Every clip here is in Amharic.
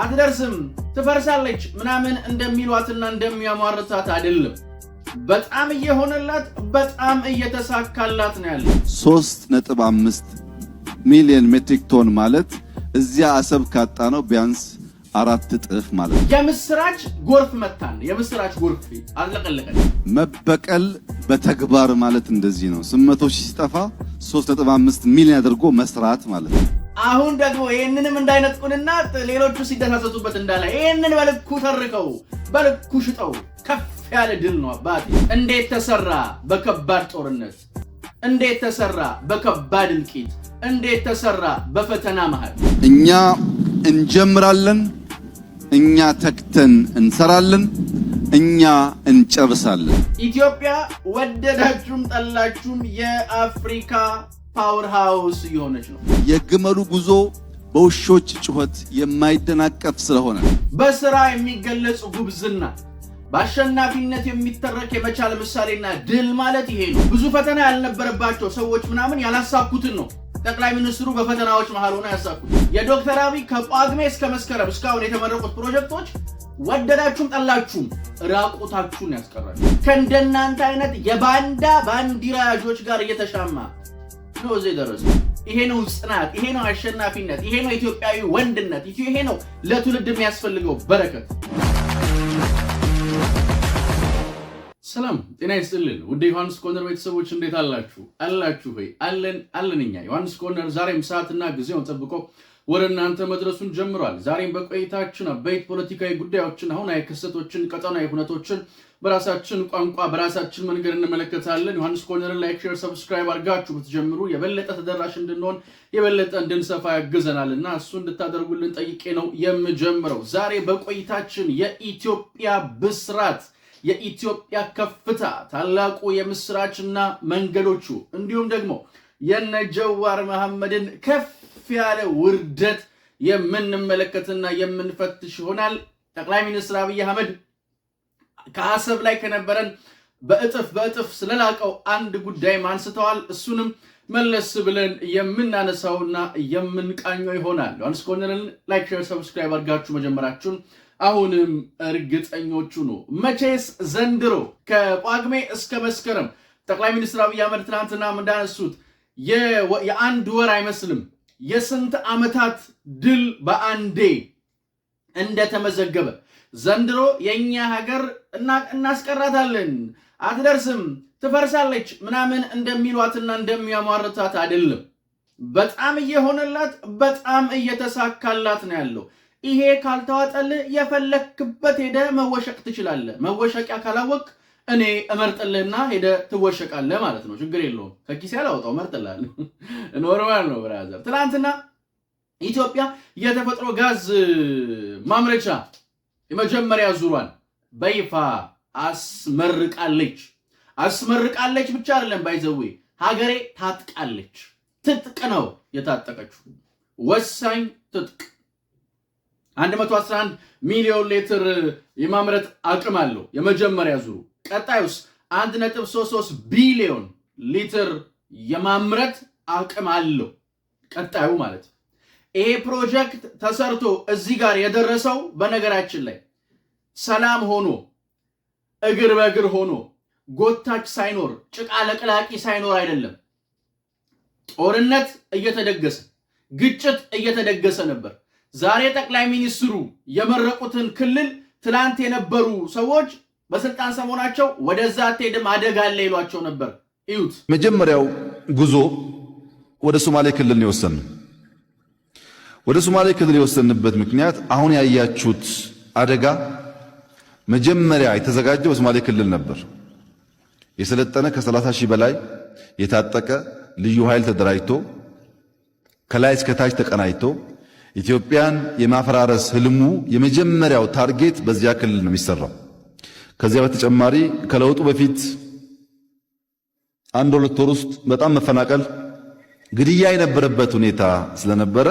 አትደርስም፣ ትፈርሳለች ምናምን እንደሚሏትና እንደሚያሟርታት አይደለም። በጣም እየሆነላት በጣም እየተሳካላት ነው ያለ አምስት ሚሊዮን ሜትሪክ ቶን ማለት እዚያ አሰብ ካጣ ነው ቢያንስ አራት እጥፍ ማለት ነው። የምስራች ጎርፍ መታን። የምስራች ጎርፍ አለቀለቀ። መበቀል በተግባር ማለት እንደዚህ ነው። 800 ሺህ ሲጠፋ 3.5 ሚሊዮን አድርጎ መስራት ማለት ነው። አሁን ደግሞ ይህንንም እንዳይነጥቁንና ሌሎቹ ሲደሳሰቱበት እንዳለ ይህንን በልኩ ተርከው በልኩ ሽጠው ከፍ ያለ ድል ነው አባቴ። እንዴት ተሰራ በከባድ ጦርነት፣ እንዴት ተሰራ በከባድ እልቂት፣ እንዴት ተሰራ በፈተና መሃል። እኛ እንጀምራለን፣ እኛ ተክተን እንሰራለን፣ እኛ እንጨርሳለን። ኢትዮጵያ ወደዳችሁም ጠላችሁም የአፍሪካ ፓወር ሃውስ እየሆነች ነው። የግመሉ ጉዞ በውሾች ጩኸት የማይደናቀፍ ስለሆነ በስራ የሚገለጽ ጉብዝና በአሸናፊነት የሚተረክ የመቻል ምሳሌና ድል ማለት ይሄ ነው። ብዙ ፈተና ያልነበረባቸው ሰዎች ምናምን ያላሳኩትን ነው ጠቅላይ ሚኒስትሩ በፈተናዎች መሀል ሆነ ያሳኩት። የዶክተር አብይ ከጳጉሜ እስከ መስከረም እስካሁን የተመረቁት ፕሮጀክቶች ወደዳችሁም ጠላችሁም ራቁታችሁን ያስቀራል። ከእንደናንተ አይነት የባንዳ ባንዲራ ያዦች ጋር እየተሻማ ነው እዚህ ይሄ ነው ጽናት፣ ይሄ ነው አሸናፊነት፣ ይሄ ነው ኢትዮጵያዊ ወንድነት፣ ይሄ ነው ለትውልድ የሚያስፈልገው በረከት። ሰላም ጤና ይስጥልን ውድ ዮሐንስ ኮርነር ቤተሰቦች እንዴት አላችሁ? አላችሁ ወይ? አለን አለን። እኛ ዮሐንስ ኮርነር ዛሬም ሰዓትና ጊዜውን ጠብቆ ወደ እናንተ መድረሱን ጀምሯል። ዛሬም በቆይታችን አበይት ፖለቲካዊ ጉዳዮችን፣ አሁናዊ ክስተቶችን፣ ቀጠናዊ ሁነቶችን በራሳችን ቋንቋ በራሳችን መንገድ እንመለከታለን። ዮሐንስ ኮርነርን ላይክ፣ ሼር፣ ሰብስክራይብ አድርጋችሁ ብትጀምሩ የበለጠ ተደራሽ እንድንሆን የበለጠ እንድንሰፋ ያግዘናል እና እሱ እንድታደርጉልን ጠይቄ ነው የምጀምረው። ዛሬ በቆይታችን የኢትዮጵያ ብስራት የኢትዮጵያ ከፍታ ታላቁ የምስራችና መንገዶቹ እንዲሁም ደግሞ የነጀዋር መሐመድን ከፍ ያለ ውርደት የምንመለከትና የምንፈትሽ ይሆናል። ጠቅላይ ሚኒስትር አብይ አህመድ ከአሰብ ላይ ከነበረን በእጥፍ በእጥፍ ስለላቀው አንድ ጉዳይም አንስተዋል። እሱንም መለስ ብለን የምናነሳውና የምንቃኘው ይሆናል። ዮሐንስ ኮርነርን ላይክ፣ ሼር፣ ሰብስክራይብ አድርጋችሁ መጀመራችሁን አሁንም እርግጠኞቹ ነው። መቼስ ዘንድሮ ከጳጉሜ እስከ መስከረም ጠቅላይ ሚኒስትር አብይ አህመድ ትናንትና እንዳነሱት የአንድ ወር አይመስልም። የስንት ዓመታት ድል በአንዴ እንደተመዘገበ ዘንድሮ የእኛ ሀገር እናስቀራታለን፣ አትደርስም፣ ትፈርሳለች ምናምን እንደሚሏትና እንደሚያሟርታት አይደለም። በጣም እየሆነላት በጣም እየተሳካላት ነው ያለው። ይሄ ካልተዋጠልህ የፈለክበት ሄደ መወሸቅ ትችላለህ። መወሸቂያ ካላወቅ እኔ እመርጥልህና ሄደህ ትወሸቃለህ ማለት ነው። ችግር የለውም ከኪሴ አላወጣው እመርጥልሃለሁ። ኖርማል ነው ብራዘር። ትናንትና ኢትዮጵያ የተፈጥሮ ጋዝ ማምረቻ የመጀመሪያ ዙሯን በይፋ አስመርቃለች። አስመርቃለች ብቻ አይደለም ባይዘዌ ሀገሬ ታጥቃለች። ትጥቅ ነው የታጠቀችው፣ ወሳኝ ትጥቅ 111 ሚሊዮን ሊትር የማምረት አቅም አለው የመጀመሪያ ዙሩ ቀጣዩስ 1.33 ቢሊዮን ሊትር የማምረት አቅም አለው። ቀጣዩ ማለት ይሄ ፕሮጀክት ተሰርቶ እዚህ ጋር የደረሰው በነገራችን ላይ ሰላም ሆኖ እግር በእግር ሆኖ ጎታች ሳይኖር ጭቃ ለቅላቂ ሳይኖር አይደለም። ጦርነት እየተደገሰ ግጭት እየተደገሰ ነበር። ዛሬ ጠቅላይ ሚኒስትሩ የመረቁትን ክልል ትላንት የነበሩ ሰዎች በስልጣን ሰሞናቸው ወደዛ አትሄድም አደጋ አለ ይሏቸው ነበር። እዩት። መጀመሪያው ጉዞ ወደ ሶማሌ ክልል ነው ወደ ሶማሌ ክልል የወሰንበት ምክንያት አሁን ያያችሁት አደጋ መጀመሪያ የተዘጋጀው በሶማሌ ክልል ነበር። የሰለጠነ ከ30 ሺህ በላይ የታጠቀ ልዩ ኃይል ተደራጅቶ ከላይ እስከ ታች ተቀናጅቶ ኢትዮጵያን የማፈራረስ ህልሙ የመጀመሪያው ታርጌት በዚያ ክልል ነው የሚሰራው። ከዚያ በተጨማሪ ከለውጡ በፊት አንድ ሁለት ወር ውስጥ በጣም መፈናቀል፣ ግድያ የነበረበት ሁኔታ ስለነበረ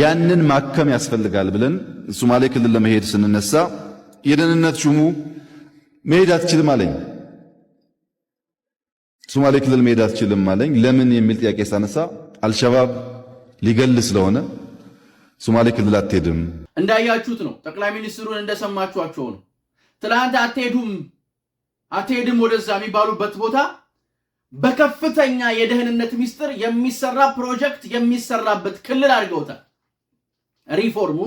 ያንን ማከም ያስፈልጋል ብለን ሶማሌ ክልል ለመሄድ ስንነሳ የደህንነት ሹሙ መሄድ አትችልም አለኝ። ሶማሌ ክልል መሄድ አትችልም አለኝ። ለምን የሚል ጥያቄ ሳነሳ አልሸባብ ሊገል ስለሆነ ሶማሌ ክልል አትሄድም። እንዳያችሁት ነው። ጠቅላይ ሚኒስትሩን እንደሰማችኋቸው ነው። ትላንት አትሄዱም አትሄድም ወደዛ የሚባሉበት ቦታ በከፍተኛ የደህንነት ሚስጥር የሚሰራ ፕሮጀክት የሚሰራበት ክልል አድርገውታል። ሪፎርሙ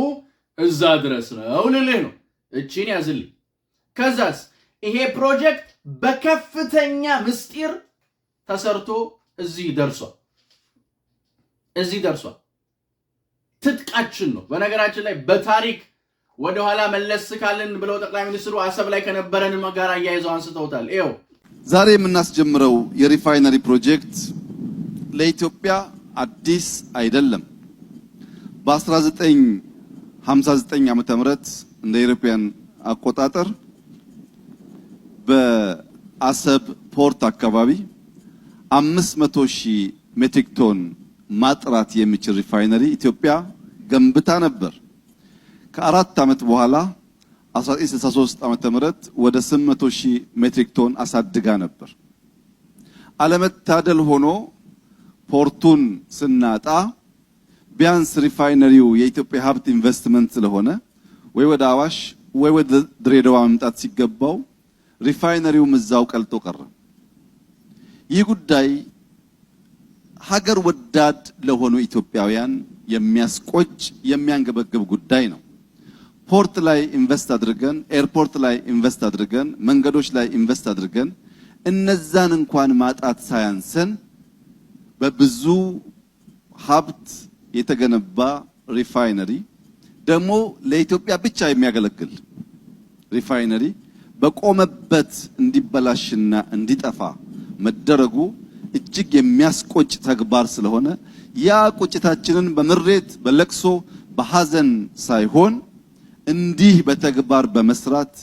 እዛ ድረስ ነው ልልህ ነው። እቺን ያዝልኝ። ከዛስ ይሄ ፕሮጀክት በከፍተኛ ምስጢር ተሰርቶ እዚህ ደርሷል። እዚህ ደርሷል። ትጥቃችን ነው። በነገራችን ላይ በታሪክ ወደኋላ መለስ ካልን ብለው ጠቅላይ ሚኒስትሩ አሰብ ላይ ከነበረን ጋር አያይዘው አንስተውታል። ይኸው ዛሬ የምናስጀምረው የሪፋይነሪ ፕሮጀክት ለኢትዮጵያ አዲስ አይደለም። በ1959 ዓ.ም እንደ ኢሮፓያን አቆጣጠር በአሰብ ፖርት አካባቢ 500 ሺህ ሜትሪክ ቶን ማጥራት የሚችል ሪፋይነሪ ኢትዮጵያ ገንብታ ነበር። ከአራት ዓመት በኋላ 1963 ዓመተ ምህረት ወደ 800 ሺህ ሜትሪክ ቶን አሳድጋ ነበር። አለመታደል ሆኖ ፖርቱን ስናጣ ቢያንስ ሪፋይነሪው የኢትዮጵያ ሀብት ኢንቨስትመንት ስለሆነ ወይ ወደ አዋሽ ወይ ወደ ድሬዳዋ መምጣት ሲገባው ሪፋይነሪውም እዛው ቀልጦ ቀረ። ይህ ጉዳይ ሀገር ወዳድ ለሆኑ ኢትዮጵያውያን የሚያስቆጭ የሚያንገበግብ ጉዳይ ነው። ፖርት ላይ ኢንቨስት አድርገን፣ ኤርፖርት ላይ ኢንቨስት አድርገን፣ መንገዶች ላይ ኢንቨስት አድርገን እነዛን እንኳን ማጣት ሳያንሰን በብዙ ሀብት የተገነባ ሪፋይነሪ ደግሞ ለኢትዮጵያ ብቻ የሚያገለግል ሪፋይነሪ በቆመበት እንዲበላሽና እንዲጠፋ መደረጉ እጅግ የሚያስቆጭ ተግባር ስለሆነ ያ ቁጭታችንን በምሬት፣ በለቅሶ፣ በሐዘን ሳይሆን እንዲህ በተግባር በመስራት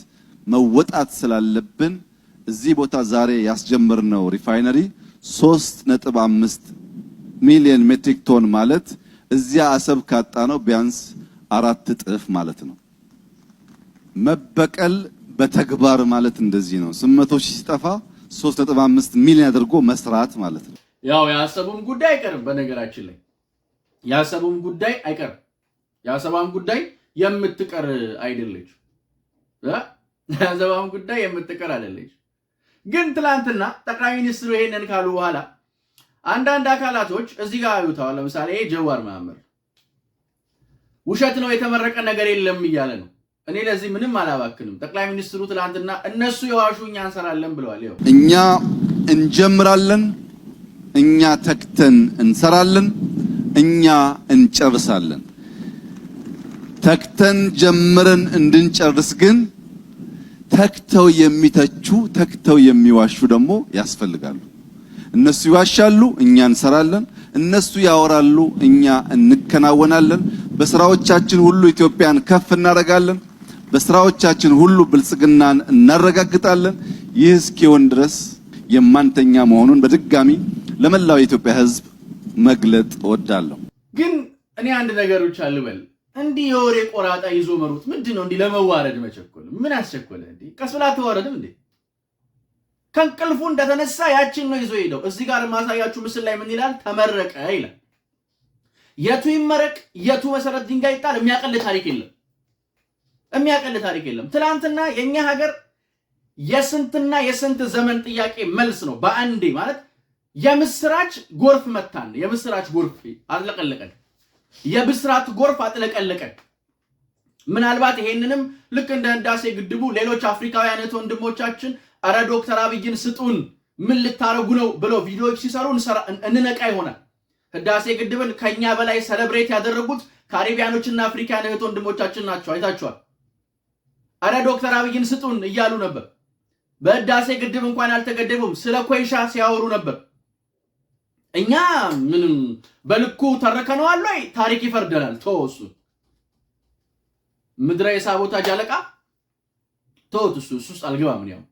መወጣት ስላለብን እዚህ ቦታ ዛሬ ያስጀመርነው ሪፋይነሪ 3.5 ሚሊዮን ሜትሪክ ቶን ማለት እዚያ አሰብ ካጣ ነው ቢያንስ አራት እጥፍ ማለት ነው። መበቀል በተግባር ማለት እንደዚህ ነው። 800 ሺህ ሲጠፋ 3.5 ሚሊዮን አድርጎ መስራት ማለት ነው። ያው ያሰቡም ጉዳይ አይቀርም። በነገራችን ላይ ያሰቡም ጉዳይ አይቀርም። ያሰባም ጉዳይ የምትቀር አይደለች። ዘባም ጉዳይ የምትቀር አይደለች። ግን ትላንትና ጠቅላይ ሚኒስትሩ ይሄንን ካሉ በኋላ አንዳንድ አካላቶች እዚህ ጋር አዩተዋል። ለምሳሌ ጀዋር መሐመድ ውሸት ነው የተመረቀ ነገር የለም እያለ ነው። እኔ ለዚህ ምንም አላባክንም። ጠቅላይ ሚኒስትሩ ትላንትና እነሱ የዋሹ እኛ እንሰራለን ብለዋል። ይኸው እኛ እንጀምራለን፣ እኛ ተክተን እንሰራለን፣ እኛ እንጨርሳለን። ተክተን ጀምረን እንድንጨርስ ግን ተክተው የሚተቹ ተክተው የሚዋሹ ደግሞ ያስፈልጋሉ። እነሱ ይዋሻሉ፣ እኛ እንሰራለን። እነሱ ያወራሉ፣ እኛ እንከናወናለን። በስራዎቻችን ሁሉ ኢትዮጵያን ከፍ እናደርጋለን። በስራዎቻችን ሁሉ ብልጽግናን እናረጋግጣለን። ይህ እስኪሆን ድረስ የማንተኛ መሆኑን በድጋሚ ለመላው የኢትዮጵያ ሕዝብ መግለጥ እወዳለሁ። ግን እኔ አንድ ነገር ብቻ እንዲህ የወሬ ቆራጣ ይዞ መሩት ምንድን ነው? እንዲህ ለመዋረድ መቸኮል ምን አስቸኮለ? እንዲህ ቀስ ብላ እንዴ? ከእንቅልፉ እንደተነሳ ያችን ነው ይዞ ሄደው። እዚህ ጋር ማሳያችሁ ምስል ላይ ምን ይላል? ተመረቀ ይላል። የቱ ይመረቅ የቱ መሰረት ድንጋይ ይጣል የሚያቀል ታሪክ የለም። የሚያቀል ታሪክ የለም። ትላንትና የእኛ ሀገር የስንትና የስንት ዘመን ጥያቄ መልስ ነው በአንዴ ማለት የምስራች ጎርፍ መታን። የምስራች ጎርፍ አጥለቀለቀን። የብስራት ጎርፍ አጥለቀለቀን። ምናልባት ይሄንንም ልክ እንደ ህዳሴ ግድቡ ሌሎች አፍሪካውያን እህት ወንድሞቻችን አረ ዶክተር አብይን ስጡን ምን ልታረጉ ነው ብለው ቪዲዮዎች ሲሰሩ እንነቃ ይሆናል። ህዳሴ ግድብን ከኛ በላይ ሰለብሬት ያደረጉት ካሪቢያኖችና አፍሪካን እህት ወንድሞቻችን ናቸው። አይታችኋል። አረ ዶክተር አብይን ስጡን እያሉ ነበር። በህዳሴ ግድብ እንኳን አልተገደቡም፣ ስለ ኮይሻ ሲያወሩ ነበር። እኛ ምንም በልኩ ተርከነዋል ወይ? ታሪክ ይፈርደናል። ተወው እሱን ምድራዊ ሳቦታጅ አለቃ ተወት። እሱ እሱ ውስጥ አልገባም። ያው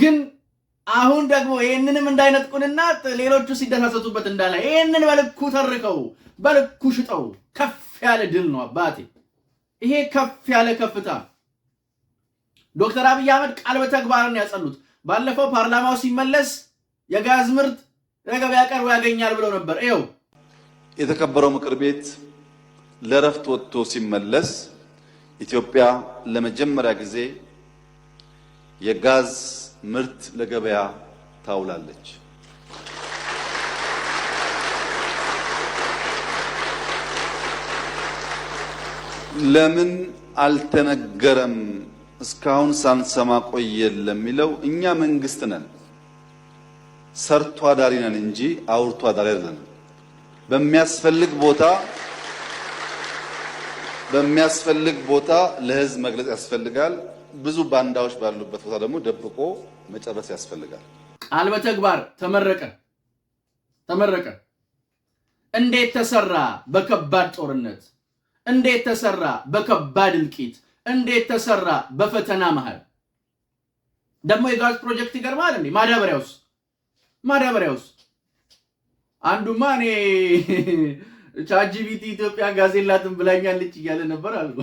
ግን አሁን ደግሞ ይህንንም እንዳይነጥቁንና ሌሎቹ ሲደሳሰቱበት እንዳለ ይህንን በልኩ ተርከው በልኩ ሽጠው ከፍ ያለ ድል ነው አባቴ። ይሄ ከፍ ያለ ከፍታ ዶክተር አብይ አህመድ ቃል በተግባርን ያጸኑት ባለፈው ፓርላማው ሲመለስ የጋዝ ምርት ለገበያ ቀርቦ ያገኛል ብለው ነበር። ይኸው የተከበረው ምክር ቤት ለእረፍት ወጥቶ ሲመለስ ኢትዮጵያ ለመጀመሪያ ጊዜ የጋዝ ምርት ለገበያ ታውላለች። ለምን አልተነገረም እስካሁን ሳንሰማ ቆየን ለሚለው እኛ መንግስት ነን። ሰርቶ አዳሪ ነን እንጂ አውርቶ አዳሪ ነን። በሚያስፈልግ ቦታ በሚያስፈልግ ቦታ ለህዝብ መግለጽ ያስፈልጋል። ብዙ ባንዳዎች ባሉበት ቦታ ደግሞ ደብቆ መጨረስ ያስፈልጋል። ቃል በተግባር ተመረቀ ተመረቀ። እንዴት ተሰራ? በከባድ ጦርነት እንዴት ተሰራ? በከባድ እልቂት እንዴት ተሰራ? በፈተና መሃል ደግሞ የጋዝ ፕሮጀክት ይገርማል እንዴ ማዳበሪያውስ ማዳበሪያ ውስጥ አንዱማ እኔ ቻጂቢቲ ኢትዮጵያ ጋዜላትን ብላኛለች እያለ ነበር አሉ።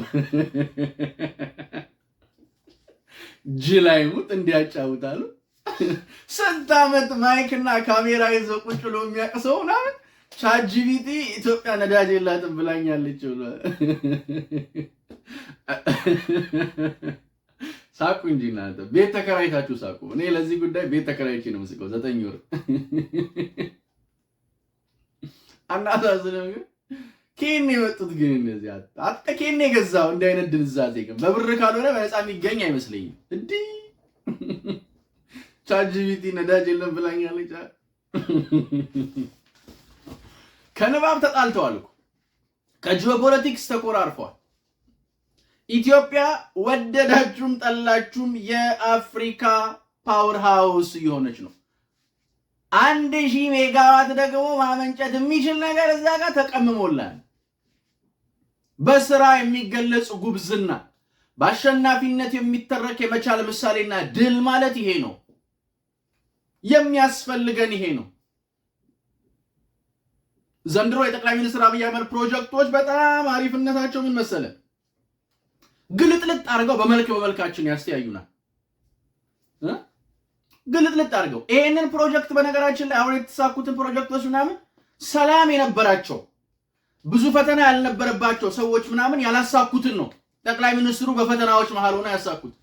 ጅላይ ሙት እንዲያጫውታሉ ስንት ዓመት ማይክና ካሜራ ይዞ ቁጭ ብሎ የሚያቅሰው ምናምን ቻጂቢቲ ኢትዮጵያ ነዳጅ የላትም ብላኛለች ብሏል። ሳቁ እንጂ እናንተ ቤት ተከራይታችሁ ሳቁ። እኔ ለዚህ ጉዳይ ቤት ተከራይቼ ነው የምስቀው። ዘጠኝ ወር አናሳዝንም። ግን ኬኔ የመጡት ግን እነዚህ አጣ ኬኔ የገዛው እንዲህ አይነት ድንዛዜ ግን በብር ካልሆነ በነፃ የሚገኝ አይመስለኝም። እንዲህ ቻትጂፒቲ ነዳጅ የለም ብላኛለች። ከንባብ ተጣልተዋል እኮ ከጂኦፖለቲክስ ተቆራርፈዋል። ኢትዮጵያ ወደዳችሁም ጠላችሁም የአፍሪካ ፓወር ሃውስ እየሆነች ነው። አንድ ሺህ ሜጋዋት ደግሞ ማመንጨት የሚችል ነገር እዛ ጋር ተቀምሞላል። በስራ የሚገለጽ ጉብዝና፣ በአሸናፊነት የሚተረክ የመቻል ምሳሌና ድል ማለት ይሄ ነው። የሚያስፈልገን ይሄ ነው። ዘንድሮ የጠቅላይ ሚኒስትር አብይ አህመድ ፕሮጀክቶች በጣም አሪፍነታቸው ምን መሰለን ግልጥልጥ አድርገው በመልክ በመልካችን ያስተያዩናል። ግልጥልጥ አድርገው ይሄንን ፕሮጀክት በነገራችን ላይ አሁን የተሳኩትን ፕሮጀክቶች ምናምን ሰላም የነበራቸው ብዙ ፈተና ያልነበረባቸው ሰዎች ምናምን ያላሳኩትን ነው ጠቅላይ ሚኒስትሩ በፈተናዎች መሀል ሆነ ያሳኩት።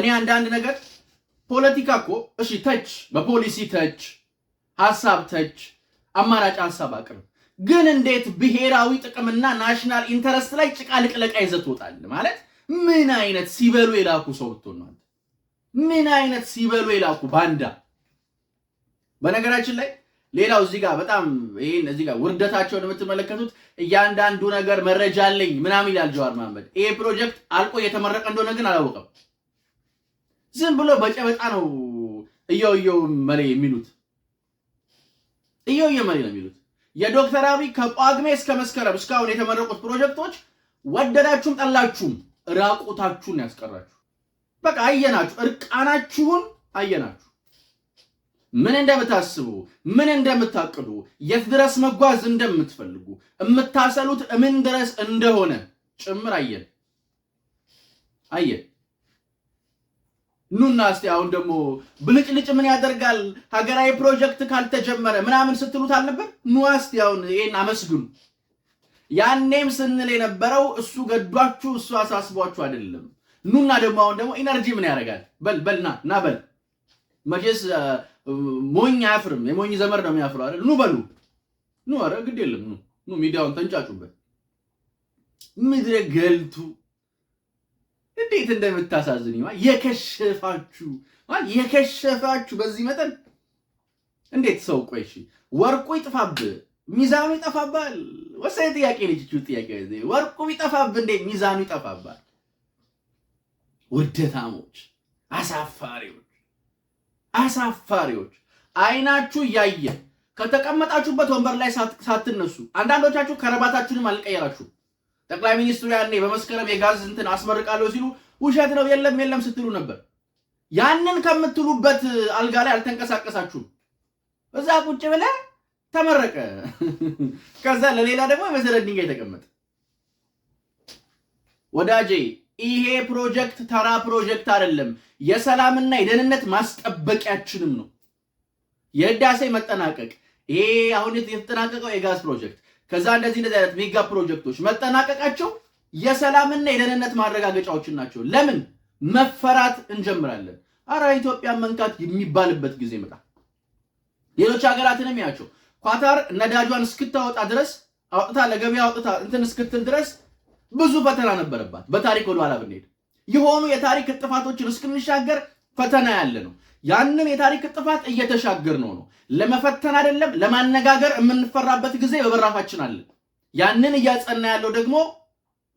እኔ አንዳንድ ነገር ፖለቲካ እኮ እሺ ተች፣ በፖሊሲ ተች፣ ሀሳብ ተች፣ አማራጭ ሀሳብ አቅርብ ግን እንዴት ብሔራዊ ጥቅምና ናሽናል ኢንተረስት ላይ ጭቃ ልቅለቃ ይዘት ወጣል ማለት ምን አይነት ሲበሉ የላኩ ሰው ነው? ምን አይነት ሲበሉ የላኩ ባንዳ። በነገራችን ላይ ሌላው እዚህ ጋር በጣም ይሄን እዚህ ጋር ውርደታቸውን የምትመለከቱት እያንዳንዱ ነገር መረጃ አለኝ ምናምን ይላል ጀዋር መሐመድ። ይሄ ፕሮጀክት አልቆ እየተመረቀ እንደሆነ ግን አላወቀም። ዝም ብሎ በጨበጣ ነው እየው እየው መሌ የሚሉት እየው እየው መሌ ነው የሚሉት የዶክተር አብይ ከጳጉሜ እስከ መስከረም እስካሁን የተመረቁት ፕሮጀክቶች ወደዳችሁም ጠላችሁም ራቁታችሁን ያስቀራችሁ። በቃ አየናችሁ፣ እርቃናችሁን አየናችሁ። ምን እንደምታስቡ፣ ምን እንደምታቅዱ፣ የት ድረስ መጓዝ እንደምትፈልጉ፣ የምታሰሉት ምን ድረስ እንደሆነ ጭምር አየን አየን። ኑና እስቲ አሁን ደግሞ ብልጭልጭ ምን ያደርጋል ሀገራዊ ፕሮጀክት ካልተጀመረ ምናምን ስትሉት አልነበር? ኑ እስቲ አሁን ይሄን አመስግኑ። ያኔም ስንል የነበረው እሱ ገዷችሁ እሱ አሳስቧችሁ አይደለም። ኑና ደግሞ አሁን ደግሞ ኢነርጂ ምን ያደርጋል በል በልና ና በል። መቼስ ሞኝ አያፍርም፣ የሞኝ ዘመር ነው የሚያፍረው አይደል? ኑ በሉ ኑ። አረ ግድ የለም ኑ ኑ፣ ሚዲያውን ተንጫጩበት ምድረ ገልቱ እንዴት እንደምታሳዝን የከሸፋችሁ የከሸፋችሁ በዚህ መጠን እንዴት ሰው ቆይ እሺ ወርቁ ይጥፋብ ሚዛኑ ይጠፋባል ወሳኝ ጥያቄ ልጅ እቺ ጥያቄ ወርቁ ይጠፋብ እንዴ ሚዛኑ ይጠፋባል ውደታሞች አሳፋሪዎች አሳፋሪዎች አይናችሁ እያየ ከተቀመጣችሁበት ወንበር ላይ ሳትነሱ አንዳንዶቻችሁ ከረባታችሁንም አልቀየራችሁም ጠቅላይ ሚኒስትሩ ያኔ በመስከረም የጋዝ እንትን አስመርቃለሁ ሲሉ ውሸት ነው የለም የለም ስትሉ ነበር። ያንን ከምትሉበት አልጋ ላይ አልተንቀሳቀሳችሁም። እዛ ቁጭ ብለ ተመረቀ። ከዛ ለሌላ ደግሞ የመሰረት ድንጋይ ተቀመጠ። ወዳጄ ይሄ ፕሮጀክት ተራ ፕሮጀክት አይደለም። የሰላምና የደህንነት ማስጠበቂያችንም ነው። የህዳሴ መጠናቀቅ ይሄ አሁን የተጠናቀቀው የጋዝ ፕሮጀክት ከዛ እንደዚህ እንደዚህ አይነት ሜጋ ፕሮጀክቶች መጠናቀቃቸው የሰላምና የደህንነት ማረጋገጫዎችን ናቸው። ለምን መፈራት እንጀምራለን? አረ ኢትዮጵያ መንካት የሚባልበት ጊዜ ይመጣል። ሌሎች ሀገራትንም ያቸው ኳታር ነዳጇን እስክታወጣ ድረስ አውጥታ ለገበያ አውጥታ እንትን እስክትል ድረስ ብዙ ፈተና ነበረባት። በታሪክ ወደኋላ ብንሄድ የሆኑ የታሪክ ጥፋቶችን እስክንሻገር ፈተና ያለ ነው። ያንን የታሪክ ጥፋት እየተሻገር ነው ነው ለመፈተን አይደለም ለማነጋገር የምንፈራበት ጊዜ በበራፋችን አለ። ያንን እያጸና ያለው ደግሞ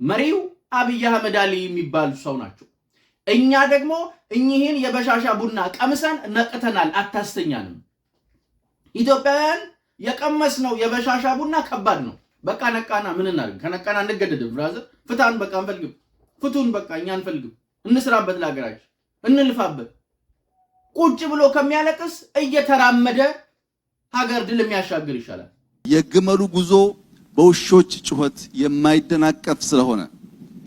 መሪው አብይ አህመድ አሊ የሚባሉ ሰው ናቸው። እኛ ደግሞ እኚህን የበሻሻ ቡና ቀምሰን ነቅተናል። አታስተኛንም። ኢትዮጵያውያን የቀመስነው የበሻሻ ቡና ከባድ ነው። በቃ ነቃና ምን እናድርግ? ከነቃና እንገደድም። ብራዘር ፍታን፣ በቃ አንፈልግም። ፍቱን፣ በቃ እኛ አንፈልግም። እንስራበት፣ ለሀገራችን እንልፋበት። ቁጭ ብሎ ከሚያለቅስ እየተራመደ ሀገር ድል የሚያሻግር ይሻላል። የግመሉ ጉዞ በውሾች ጩኸት የማይደናቀፍ ስለሆነ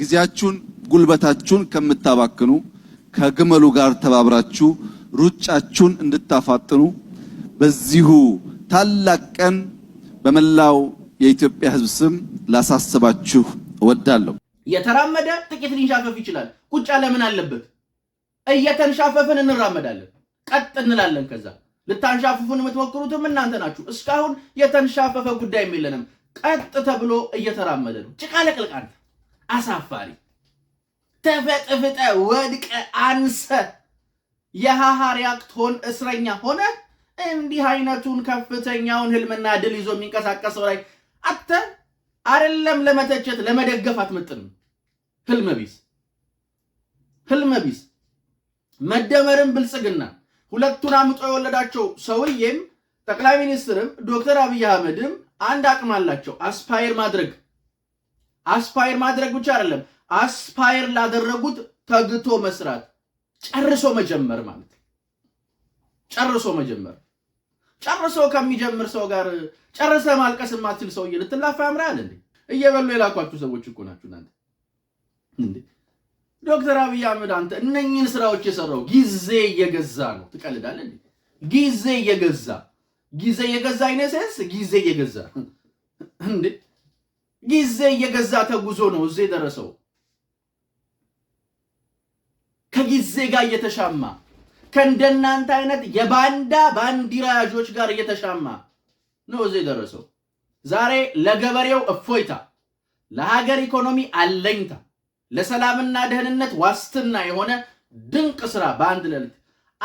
ጊዜያችሁን፣ ጉልበታችሁን ከምታባክኑ ከግመሉ ጋር ተባብራችሁ ሩጫችሁን እንድታፋጥኑ በዚሁ ታላቅ ቀን በመላው የኢትዮጵያ ሕዝብ ስም ላሳስባችሁ እወዳለሁ። የተራመደ ጥቂት ሊንሻፈፍ ይችላል። ቁጭ ያለ ምን አለበት? እየተንሻፈፍን እንራመዳለን። ቀጥ እንላለን። ከዛ ልታንሻፍፉን የምትሞክሩትም እናንተ ናችሁ። እስካሁን የተንሻፈፈ ጉዳይም የለንም። ቀጥ ተብሎ እየተራመደ ነው። ጭቃ ለቅልቃንተ አሳፋሪ ተፈጥፍጠ ወድቀ አንሰ የሐዋርያቶን እስረኛ ሆነ። እንዲህ አይነቱን ከፍተኛውን ህልምና ድል ይዞ የሚንቀሳቀሰው ላይ አተ አይደለም ለመተቸት ለመደገፍ አትመጥንም። ህልም ቢስ ቢስ መደመርን ብልጽግና ሁለቱን አምጦ የወለዳቸው ሰውዬም ጠቅላይ ሚኒስትርም ዶክተር አብይ አህመድም አንድ አቅም አላቸው። አስፓየር ማድረግ አስፓየር ማድረግ ብቻ አይደለም፣ አስፓየር ላደረጉት ተግቶ መስራት፣ ጨርሶ መጀመር ማለት ጨርሶ መጀመር። ጨርሶ ከሚጀምር ሰው ጋር ጨርሰ ማልቀስ የማትችል ሰውዬ ልትላፋ ያምራል እንዴ? እየበሉ የላኳችሁ ሰዎች እኮ ናችሁ እናንተ። ዶክተር አብይ አህመድ አንተ እነኚህን ስራዎች የሰራው ጊዜ እየገዛ ነው። ትቀልዳለህ። ጊዜ እየገዛ ጊዜ እየገዛ አይነሰስ ጊዜ እየገዛ እንዴ ጊዜ እየገዛ ተጉዞ ነው እዚህ የደረሰው። ከጊዜ ጋር እየተሻማ ከእንደናንተ አይነት የባንዳ ባንዲራ ያዦች ጋር እየተሻማ ነው እዚህ የደረሰው። ዛሬ ለገበሬው እፎይታ፣ ለሀገር ኢኮኖሚ አለኝታ ለሰላምና ደህንነት ዋስትና የሆነ ድንቅ ስራ በአንድ ሌሊት።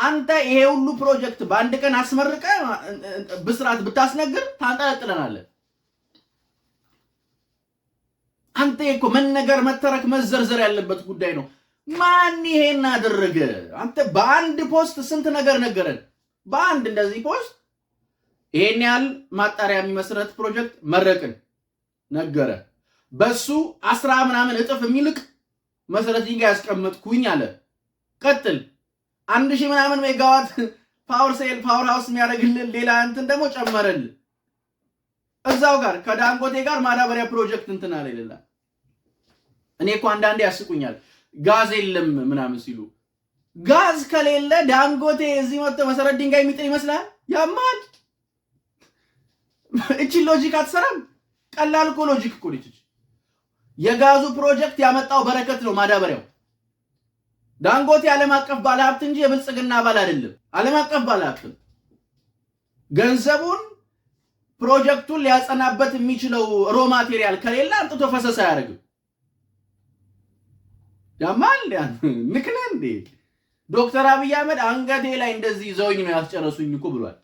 አንተ ይሄ ሁሉ ፕሮጀክት በአንድ ቀን አስመርቀ ብስራት ብታስነግር ታንጠለጥለናለን። አንተ እኮ መነገር፣ መተረክ፣ መዘርዘር ያለበት ጉዳይ ነው። ማን ይሄን አደረገ? አንተ በአንድ ፖስት ስንት ነገር ነገረን። በአንድ እንደዚህ ፖስት ይሄን ያህል ማጣሪያ የሚመስረት ፕሮጀክት መረቅን ነገረ። በሱ አስራ ምናምን እጥፍ የሚልቅ መሰረት ድንጋይ ያስቀመጥኩኝ አለ። ቀጥል አንድ ሺህ ምናምን ሜጋዋት ፓወር ሴል ፓወር ሃውስ የሚያደርግልን ሌላ እንትን ደግሞ ጨመረል እዛው ጋር ከዳንጎቴ ጋር ማዳበሪያ ፕሮጀክት እንትን አለ ይልላ። እኔ እኮ አንዳንዴ ያስቁኛል። ጋዝ የለም ምናምን ሲሉ ጋዝ ከሌለ ዳንጎቴ እዚህ መጥቶ መሰረት ድንጋይ የሚጥል ይመስላል። ያማል። እቺ ሎጂክ አትሰራም። ቀላል እኮ ሎጂክ እኮ ልጅ የጋዙ ፕሮጀክት ያመጣው በረከት ነው ማዳበሪያው። ዳንጎቴ ዓለም አቀፍ ባለሀብት እንጂ የብልጽግና አባል አይደለም። ዓለም አቀፍ ባለሀብት ገንዘቡን ፕሮጀክቱን ሊያጸናበት የሚችለው ሮ ማቴሪያል ከሌለ አንጥቶ ፈሰስ አያደርግም። ያማል ንክነ እንዴ! ዶክተር አብይ አህመድ አንገቴ ላይ እንደዚህ ይዘውኝ ነው ያስጨረሱኝ እኮ ብሏል።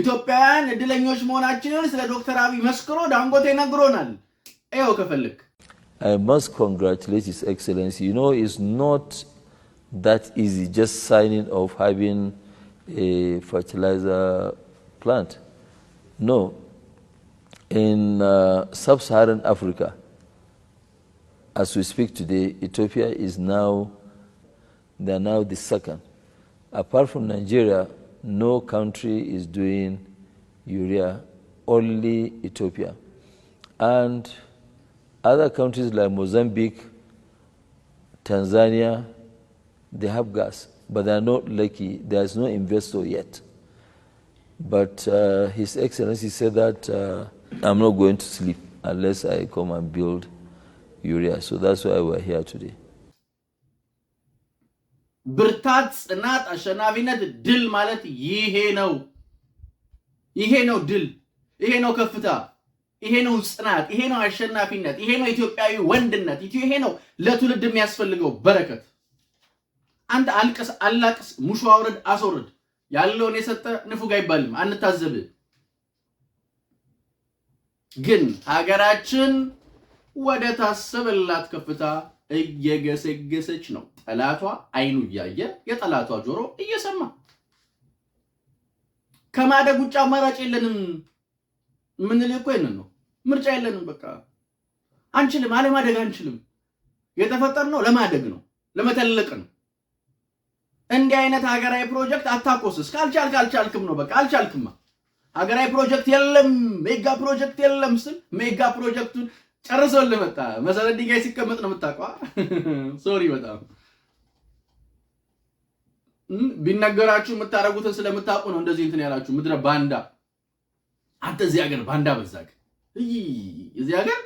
ኢትዮጵያውያን እድለኞች መሆናችንን ስለ ዶክተር አብይ መስክሮ ዳንጎቴ ነግሮናል። ይኸው I must congratulate His Excellency. You know, it's not that easy just signing off having a fertilizer plant. No. In uh, sub-Saharan Africa, as we speak today, Ethiopia is now, they are now the second. Apart from Nigeria, no country is doing urea, only Ethiopia. And other countries like Mozambique, Tanzania, they have gas, but they are not lucky. There is no investor yet. But uh, His Excellency said that uh, I'm not going to sleep unless I come and build urea. So that's why we're here today. ብርታት፣ ጽናት፣ አሸናፊነት፣ ድል ማለት ይሄ ነው። ይሄ ነው ድል፣ ይሄ ነው ከፍታ፣ ይሄ ነው ጽናት፣ ይሄ ነው አሸናፊነት፣ ይሄ ነው ኢትዮጵያዊ ወንድነት፣ ይሄ ነው ለትውልድ የሚያስፈልገው በረከት። አንተ አልቅስ አላቅስ፣ ሙሾ አውርድ አስወርድ፣ ያለውን የሰጠ ንፉግ አይባልም። አንታዘብ። ግን ሀገራችን ወደ ታሰበላት ከፍታ እየገሰገሰች ነው። ጠላቷ አይኑ እያየ የጠላቷ ጆሮ እየሰማ ከማደግ ውጭ አማራጭ የለንም የምንልህ እኮ ይህንን ነው። ምርጫ የለንም፣ በቃ አንችልም፣ አለማደግ አንችልም። የተፈጠርነው ለማደግ ነው፣ ለመተለቅ ነው። እንዲህ አይነት ሀገራዊ ፕሮጀክት አታቆስስ። ካልቻልክ አልቻልክም ነው በቃ አልቻልክማ። ሀገራዊ ፕሮጀክት የለም ሜጋ ፕሮጀክት የለም ስል ሜጋ ፕሮጀክቱን ጨርሶልህ መጣ። መሰረት ድንጋይ ሲቀመጥ ነው የምታውቀው። ሶሪ በጣም ቢነገራችሁ የምታደርጉትን ስለምታውቁ ነው እንደዚህ እንትን ያላችሁ። ምድረ ባንዳ አንተ እዚህ ሀገር ባንዳ በዛግ እይ እዚህ ሀገር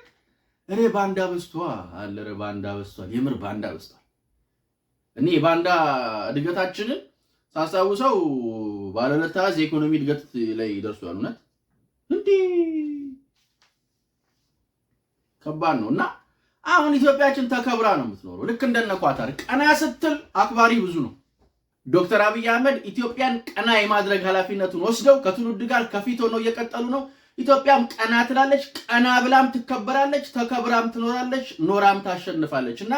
እኔ ባንዳ በዝቷል። ኧረ ባንዳ በስቷል፣ የምር ባንዳ በስቷል። እኔ የባንዳ እድገታችንን ሳስታውሰው ባለሁለት የኢኮኖሚ እድገት ላይ ደርሷል። እውነት እንዴ ከባድ ነው። እና አሁን ኢትዮጵያችን ተከብራ ነው የምትኖረው። ልክ እንደነኳታር ቀና ስትል አክባሪ ብዙ ነው። ዶክተር አብይ አህመድ ኢትዮጵያን ቀና የማድረግ ኃላፊነቱን ወስደው ከትውልድ ጋር ከፊት ሆነው እየቀጠሉ ነው። ኢትዮጵያም ቀና ትላለች፣ ቀና ብላም ትከበራለች፣ ተከብራም ትኖራለች፣ ኖራም ታሸንፋለች እና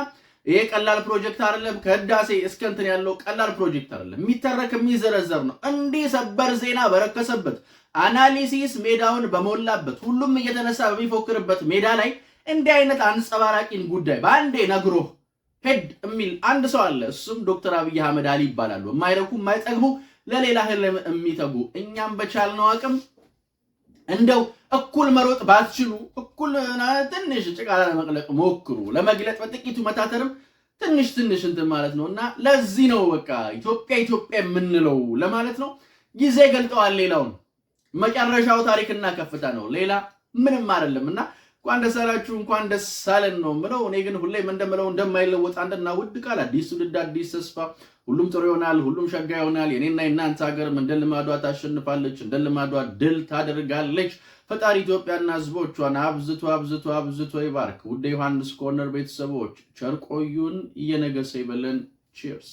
ይሄ ቀላል ፕሮጀክት አይደለም። ከህዳሴ እስከ እንትን ያለው ቀላል ፕሮጀክት አይደለም። የሚተረክ የሚዘረዘር ነው። እንዲህ ሰበር ዜና በረከሰበት አናሊሲስ ሜዳውን በሞላበት ሁሉም እየተነሳ በሚፎክርበት ሜዳ ላይ እንዲህ አይነት አንጸባራቂን ጉዳይ በአንዴ ነግሮህ ሄድ የሚል አንድ ሰው አለ። እሱም ዶክተር አብይ አህመድ አሊ ይባላሉ። የማይረኩ የማይጠግቡ ለሌላ ህልም የሚተጉ እኛም በቻልነው አቅም እንደው እኩል መሮጥ ባትችሉ እኩል ትንሽ ጭቃ ለመቅለቅ ሞክሩ። ለመግለጥ በጥቂቱ መታተርም ትንሽ ትንሽ እንትን ማለት ነው እና ለዚህ ነው በቃ ኢትዮጵያ ኢትዮጵያ የምንለው ለማለት ነው። ጊዜ ገልጠዋል። ሌላውን መጨረሻው ታሪክና ከፍታ ነው። ሌላ ምንም አይደለም እና እንኳን ደስ አላችሁ እንኳን ደስ አለን ነው ምለው። እኔ ግን ሁሌም እንደምለው እንደማይለወጥ አንድና ውድ ቃል አዲስ ትውልድ አዲስ ተስፋ፣ ሁሉም ጥሩ ይሆናል፣ ሁሉም ሸጋ ይሆናል። የኔና የእናንተ ሀገርም እንደ ልማዷ ታሸንፋለች፣ እንደ ልማዷ ድል ታደርጋለች። ፈጣሪ ኢትዮጵያና ሕዝቦቿን አብዝቶ አብዝቶ አብዝቶ ይባርክ። ውደ ዮሐንስ ኮርነር ቤተሰቦች ቸርቆዩን እየነገሰ ይበለን። ቺርስ